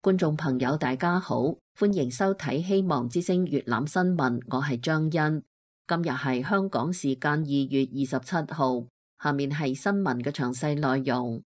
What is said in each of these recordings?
觀眾朋友，大家好，歡迎收睇《希望之聲》粵覽新聞，我係張恩。今日係香港時間二月二十七號，下面係新聞嘅詳細內容。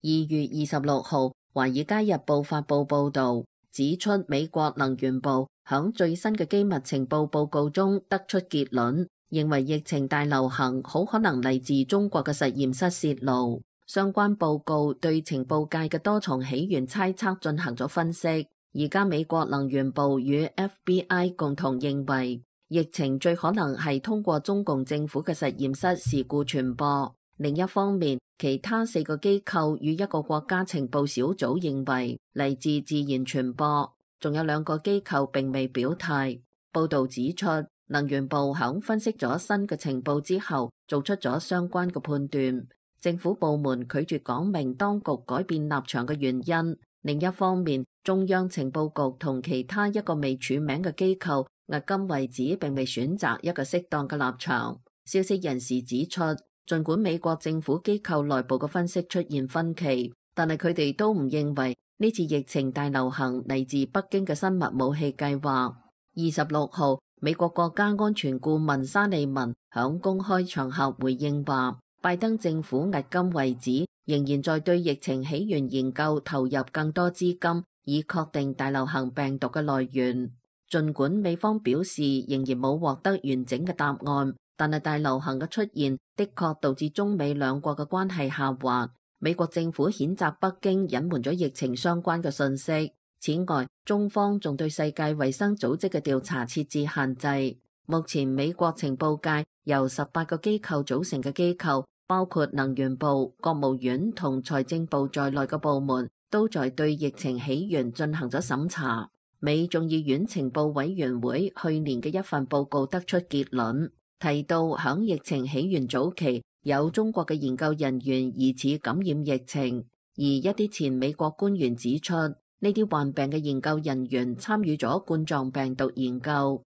二月二十六號，《華爾街日報》發佈報道，指出美國能源部響最新嘅機密情報報告中得出結論，認為疫情大流行好可能嚟自中國嘅實驗室洩露。相關報告對情報界嘅多重起源猜測進行咗分析。而家美國能源部與 FBI 共同認為，疫情最可能係通過中共政府嘅實驗室事故傳播。另一方面，其他四個機構與一個國家情報小組認為嚟自自然傳播。仲有兩個機構並未表態。報道指出，能源部肯分析咗新嘅情報之後，做出咗相關嘅判斷。政府部門拒絕講明當局改變立場嘅原因。另一方面，中央情報局同其他一個未署名嘅機構，迄今為止，並未選擇一個適當嘅立場。消息人士指出，儘管美國政府機構內部嘅分析出現分歧，但係佢哋都唔認為呢次疫情大流行嚟自北京嘅生物武器計劃。二十六號，美國國家安全顧問沙利文響公開場合回應話。拜登政府迄今為止仍然在對疫情起源研究投入更多資金，以確定大流行病毒嘅來源。盡管美方表示仍然冇獲得完整嘅答案，但係大流行嘅出現的確導致中美兩國嘅關係下滑。美國政府譴責北京隱瞞咗疫情相關嘅信息。此外，中方仲對世界衛生組織嘅調查設置限制。目前，美國情報界由十八個機構組成嘅機構。包括能源部、國務院同財政部在內嘅部門，都在對疫情起源進行咗審查。美眾議院情報委員會去年嘅一份報告得出結論，提到響疫情起源早期，有中國嘅研究人員疑似感染疫情，而一啲前美國官員指出，呢啲患病嘅研究人員參與咗冠狀病毒研究。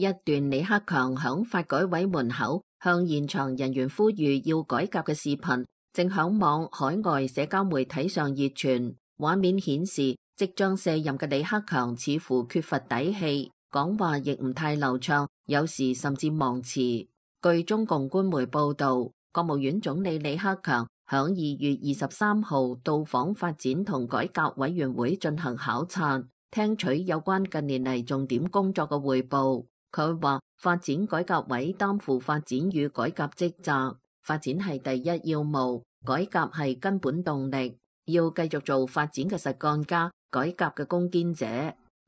一段李克強響發改委門口向現場人員呼籲要改革嘅視頻，正響網海外社交媒體上熱傳。畫面顯示，即將卸任嘅李克強似乎缺乏底氣，講話亦唔太流暢，有時甚至忘詞。據中共官媒報道，國務院總理李克強響二月二十三號到訪發展同改革委員會進行考察，聽取有關近年嚟重點工作嘅匯報。佢話：發展改革委擔負發展與改革職責，發展係第一要務，改革係根本動力，要繼續做發展嘅實幹家、改革嘅攻堅者。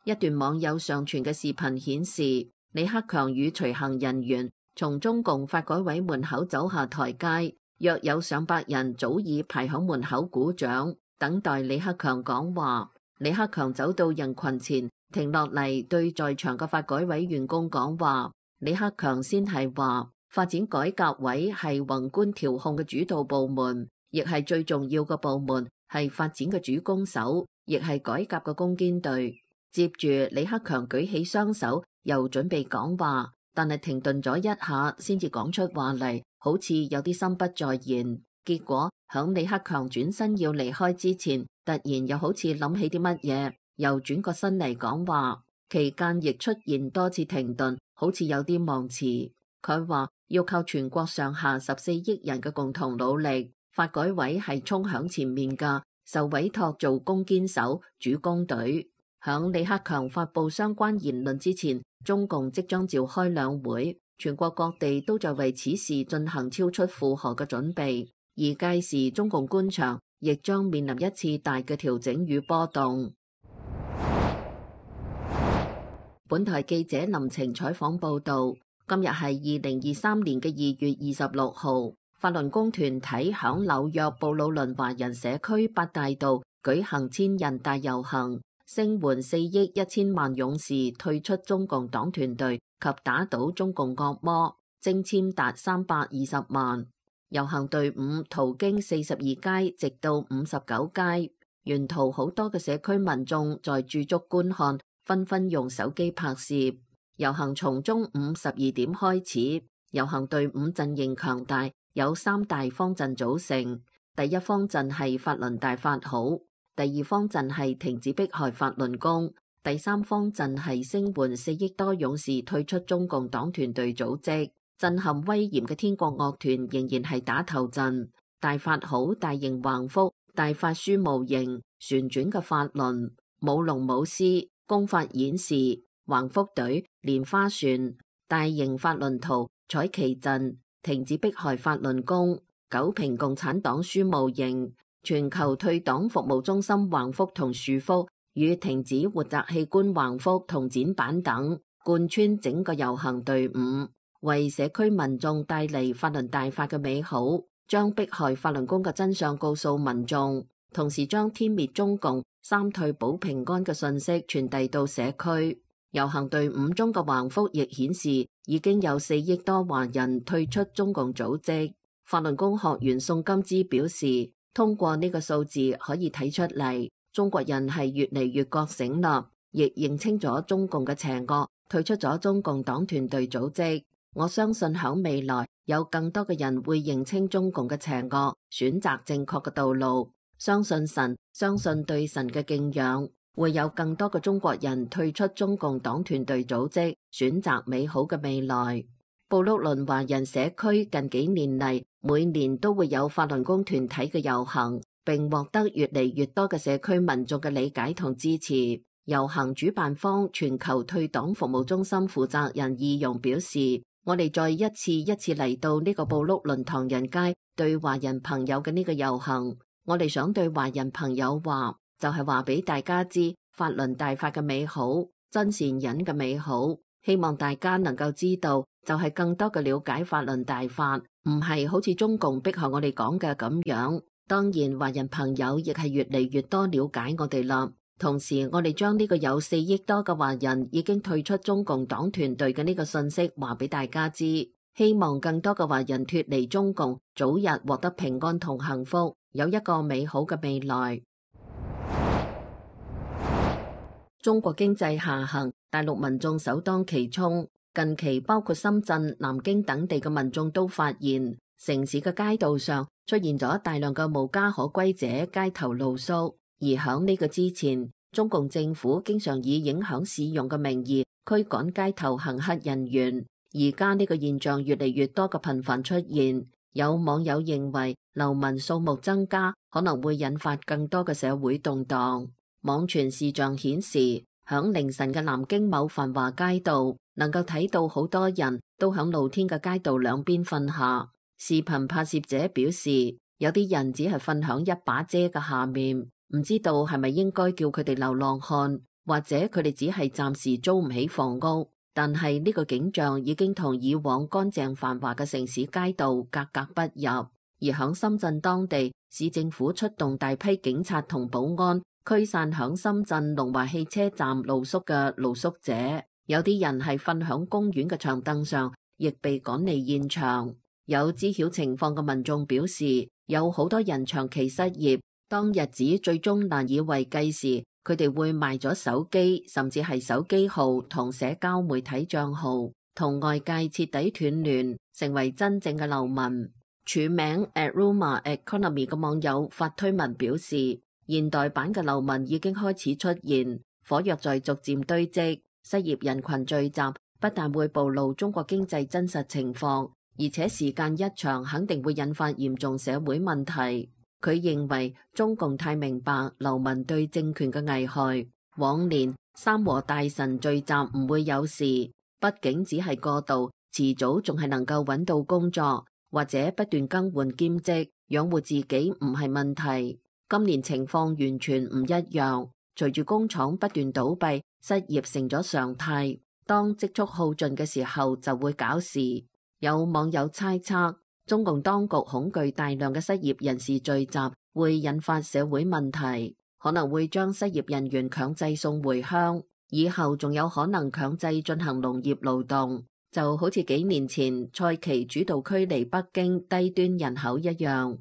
一段網友上傳嘅視頻顯示，李克強與隨行人員從中共發改委門口走下台階。約有上百人早已排喺門口鼓掌，等待李克強講話。李克強走到人群前。停落嚟，對在場嘅發改委員工講話，李克強先係話，發展改革委係宏觀調控嘅主導部門，亦係最重要嘅部門，係發展嘅主攻手，亦係改革嘅攻堅隊。接住李克強舉起雙手，又準備講話，但係停頓咗一下先至講出話嚟，好似有啲心不在焉。結果響李克強轉身要離開之前，突然又好似諗起啲乜嘢。又轉過身嚟，講話，期間亦出現多次停頓，好似有啲忘詞。佢話要靠全國上下十四億人嘅共同努力，發改委係衝響前面㗎，受委託做攻堅手、主攻隊。響李克強發布相關言論之前，中共即將召開兩會，全國各地都在為此事進行超出負荷嘅準備，而屆時中共官場亦將面臨一次大嘅調整與波動。本台記者林晴採訪報道。今日係二零二三年嘅二月二十六號，法輪功團體響紐約布魯倫華人社區八大道舉行千人大遊行，聲援四億一千萬勇士退出中共黨團隊及打倒中共國魔，徵簽達三百二十萬。遊行隊伍途經四十二街，直到五十九街，沿途好多嘅社區民眾在駐足觀看。紛紛用手機拍攝遊行，從中午十二點開始。遊行隊伍陣營強大，有三大方陣組成。第一方陣係法輪大法好，第二方陣係停止迫害法輪功，第三方陣係聲援四億多勇士退出中共黨團隊組織，震撼威嚴嘅天國樂團仍然係打頭陣。大法好，大型橫幅，大法書模型，旋轉嘅法輪舞龍舞獅。武功法演示橫幅隊、蓮花船、大型法輪圖、彩旗陣、停止迫害法輪功、九評共產黨書模型、全球退黨服務中心橫幅同豎幅，與停止活摘器官橫幅同展板等，貫穿整個遊行隊伍，為社區民眾帶嚟法輪大法嘅美好，將迫害法輪功嘅真相告訴民眾。同時將天滅中共、三退保平安嘅信息傳遞到社區。遊行隊伍中嘅橫幅亦顯示，已經有四億多華人退出中共組織。法輪功學員宋金芝表示，通過呢個數字可以睇出嚟，中國人係越嚟越覺醒啦，亦認清咗中共嘅邪惡，退出咗中共黨團隊組織。我相信響未來有更多嘅人會認清中共嘅邪惡，選擇正確嘅道路。相信神，相信對神嘅敬仰，會有更多嘅中國人退出中共黨團隊組織，選擇美好嘅未來。布碌崙華人社區近幾年嚟，每年都會有法輪功團體嘅遊行，並獲得越嚟越多嘅社區民眾嘅理解同支持。遊行主辦方全球退黨服務中心負責人易容表示，我哋再一次一次嚟到呢個布碌崙唐人街，對華人朋友嘅呢個遊行。我哋想對華人朋友話，就係話俾大家知法輪大法嘅美好、真善忍嘅美好，希望大家能夠知道，就係更多嘅了解法輪大法，唔係好似中共逼害我哋講嘅咁樣。當然，華人朋友亦係越嚟越多了解我哋啦。同時，我哋將呢個有四億多嘅華人已經退出中共黨團隊嘅呢個信息話俾大家知，希望更多嘅華人脫離中共，早日獲得平安同幸福。有一個美好嘅未來。中國經濟下行，大陸民眾首當其衝。近期，包括深圳、南京等地嘅民眾都發現，城市嘅街道上出現咗大量嘅無家可歸者，街頭露宿。而喺呢個之前，中共政府經常以影響市容嘅名義驅趕街頭行乞人員。而家呢個現象越嚟越多嘅頻繁出現。有網友認為流民數目增加可能會引發更多嘅社會動盪。網傳視像顯示，響凌晨嘅南京某繁華街道，能夠睇到好多人都響露天嘅街道兩邊瞓下。視頻拍攝者表示，有啲人只係瞓響一把遮嘅下面，唔知道係咪應該叫佢哋流浪漢，或者佢哋只係暫時租唔起房屋。但係呢個景象已經同以往乾淨繁華嘅城市街道格格不入，而響深圳當地，市政府出動大批警察同保安驅散響深圳龍華汽車站露宿嘅露宿者，有啲人係瞓響公園嘅長凳上，亦被趕離現場。有知曉情況嘅民眾表示，有好多人長期失業，當日子最終難以為繼時。佢哋會賣咗手機，甚至係手機號同社交媒體賬號，同外界徹底斷聯，成為真正嘅流民。署名 At Rumor at Economy 嘅網友發推文表示：現代版嘅流民已經開始出現，火藥在逐漸堆積，失業人群聚集，不但會暴露中國經濟真實情況，而且時間一長，肯定會引發嚴重社會問題。佢認為中共太明白流民對政權嘅危害。往年三和大神聚集唔會有事，畢竟只係過渡，遲早仲係能夠揾到工作或者不斷更換兼職養活自己唔係問題。今年情況完全唔一樣，隨住工廠不斷倒閉，失業成咗常態。當積蓄耗盡嘅時候就會搞事。有網友猜測。中共當局恐懼大量嘅失業人士聚集，會引發社會問題，可能會將失業人員強制送回鄉，以後仲有可能強制進行農業勞動，就好似幾年前蔡奇主導驅離北京低端人口一樣。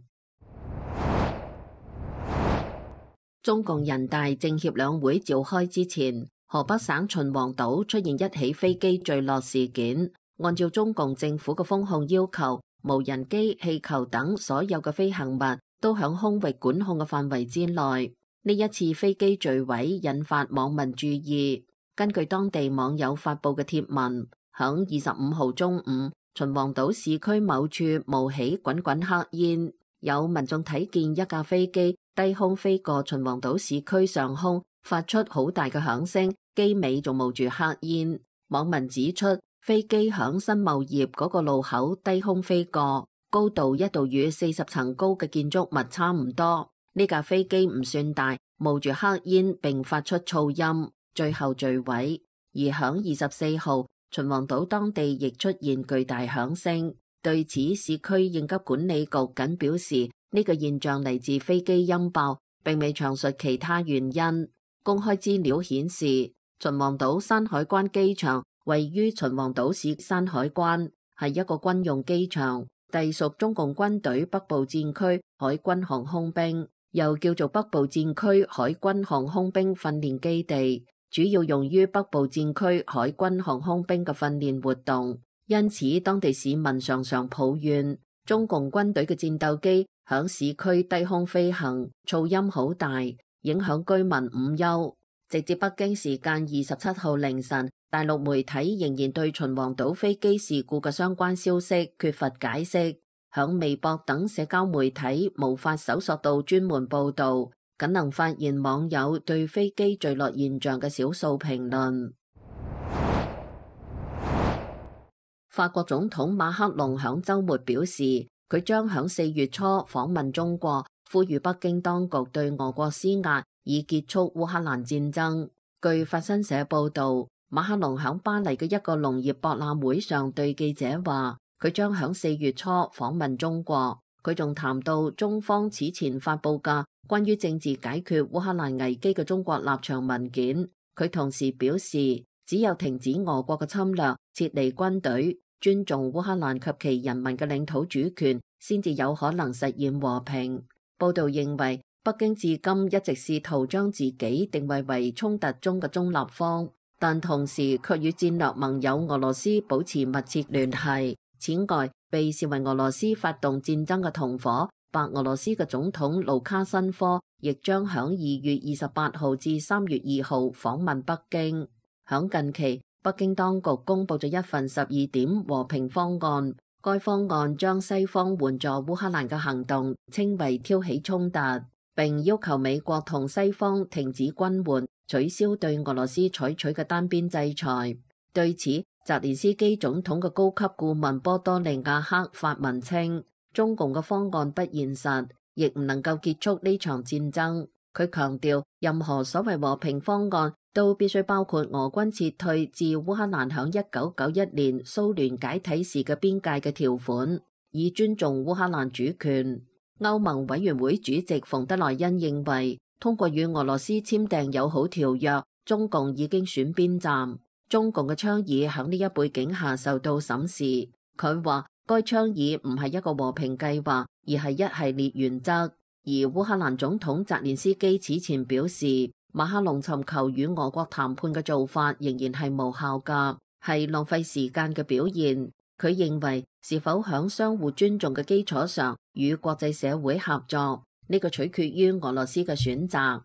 中共人大政協兩會召開之前，河北省秦皇島出現一起飛機墜落事件，按照中共政府嘅風控要求，無人機、氣球等所有嘅飛行物都響空域管控嘅範圍之內。呢一次飛機墜毀引發網民注意。根據當地網友發布嘅貼文，響二十五號中午，秦皇島市區某處冒起滾滾黑煙，有民眾睇見一架飛機低空飛過秦皇島市區上空，發出好大嘅響聲，機尾仲冒住黑煙。網民指出，飛機響新茂業嗰個路口低空飛過，高度一度與四十層高嘅建築物差唔多。呢架飛機唔算大，冒住黑煙並發出噪音，最後墜毀。而響二十四號，秦皇島當地亦出現巨大響聲。對此，市區應急管理局僅表示呢個現象嚟自飛機音爆，並未詳述其他原因。公開資料顯示，秦皇島山海關機場。位於秦皇島市山海關，係一個軍用機場，隸屬中共軍隊北部戰區海軍航空兵，又叫做北部戰區海軍航空兵訓練基地，主要用於北部戰區海軍航空兵嘅訓練活動。因此，當地市民常常抱怨中共軍隊嘅戰鬥機響市區低空飛行，噪音好大，影響居民午休。直至北京時間二十七號凌晨。大陸媒體仍然對秦皇島飛機事故嘅相關消息缺乏解釋，響微博等社交媒體無法搜索到專門報道，僅能發現網友對飛機墜落現象嘅少數評論。 法國總統馬克龍響周末表示，佢將響四月初訪問中國，呼籲北京當局對俄國施壓，以結束烏克蘭戰爭。據法新社報道。馬克龍響巴黎嘅一個農業博覽會上對記者話，佢將響四月初訪問中國。佢仲談到中方此前發布嘅關於政治解決烏克蘭危機嘅中國立場文件。佢同時表示，只有停止俄國嘅侵略、撤離軍隊、尊重烏克蘭及其人民嘅領土主權，先至有可能實現和平。報道認為，北京至今一直試圖將自己定位為衝突中嘅中立方。但同時卻與戰略盟友俄羅斯保持密切聯繫，此外，被視為俄羅斯發動戰爭嘅同夥白俄羅斯嘅總統盧卡申科亦將響二月二十八號至三月二號訪問北京。響近期，北京當局公布咗一份十二點和平方案，該方案將西方援助烏克蘭嘅行動稱為挑起衝突。並要求美國同西方停止軍援，取消對俄羅斯採取嘅單邊制裁。對此，澤連斯基總統嘅高級顧問波多利亞克發文稱，中共嘅方案不現實，亦唔能夠結束呢場戰爭。佢強調，任何所謂和平方案都必須包括俄軍撤退至烏克蘭響一九九一年蘇聯解體時嘅邊界嘅條款，以尊重烏克蘭主權。歐盟委員會主席馮德萊恩認為，通過與俄羅斯簽訂友好條約，中共已經選邊站。中共嘅倡議響呢一背景下受到審視。佢話該倡議唔係一個和平計劃，而係一系列原則。而烏克蘭總統澤連斯基此前表示，馬克龍尋求與俄國談判嘅做法仍然係無效噶，係浪費時間嘅表現。佢認為是否喺相互尊重嘅基礎上與國際社會合作，呢個取決於俄羅斯嘅選擇。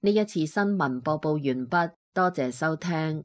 呢一次新聞播報完畢，多謝收聽。